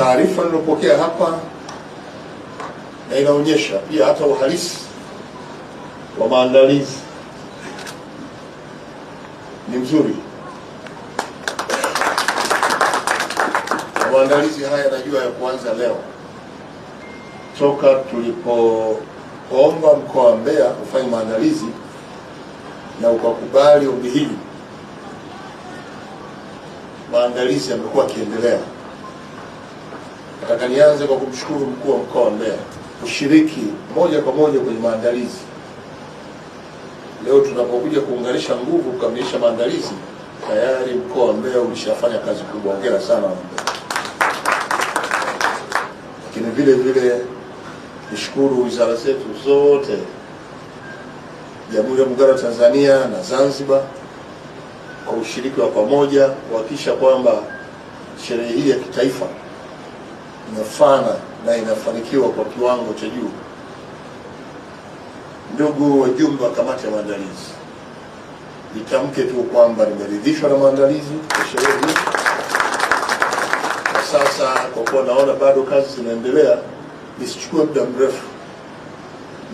taarifa nilopokea hapa na inaonyesha pia hata uhalisi wa maandalizi ni mzuri. Maandalizi haya najua ya kuanza leo toka tulipoomba mkoa wa Mbeya kufanya maandalizi na ukakubali ombi hili, maandalizi yamekuwa akiendelea Nataka nianze kwa kumshukuru mkuu wa mkoa wa Mbeya kushiriki moja kwa moja kwenye maandalizi. Leo tunapokuja kuunganisha nguvu kukamilisha maandalizi, tayari mkoa wa Mbeya ulishafanya kazi kubwa. Hongera sana Mbeya. Lakini vile vile nishukuru wizara zetu zote, Jamhuri ya Muungano wa Tanzania na Zanzibar kwa ushiriki wa pamoja kuhakikisha kwamba sherehe hii ya kitaifa inafana na inafanikiwa kwa kiwango cha juu. Ndugu wajumbe wa kamati ya maandalizi, nitamke tu kwamba nimeridhishwa na maandalizi ya sherehe hii. sasa, kwa kuwa naona bado kazi zinaendelea, nisichukue muda mrefu,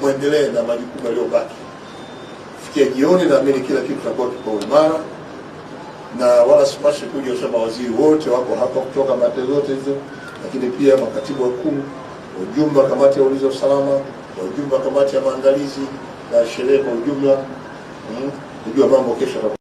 mwendelee na majukumu yaliyobaki. fikia jioni, naamini kila kitu kitakuwa kiko imara na wala sipashe kuja kusema waziri wote wako hapa kutoka mate zote hizo lakini pia makatibu wakuu, wajumbe wa kamati ya ulinzi wa usalama, wajumbe wa kamati ya maandalizi na sherehe kwa ujumla, mm, kujua mambo kesho.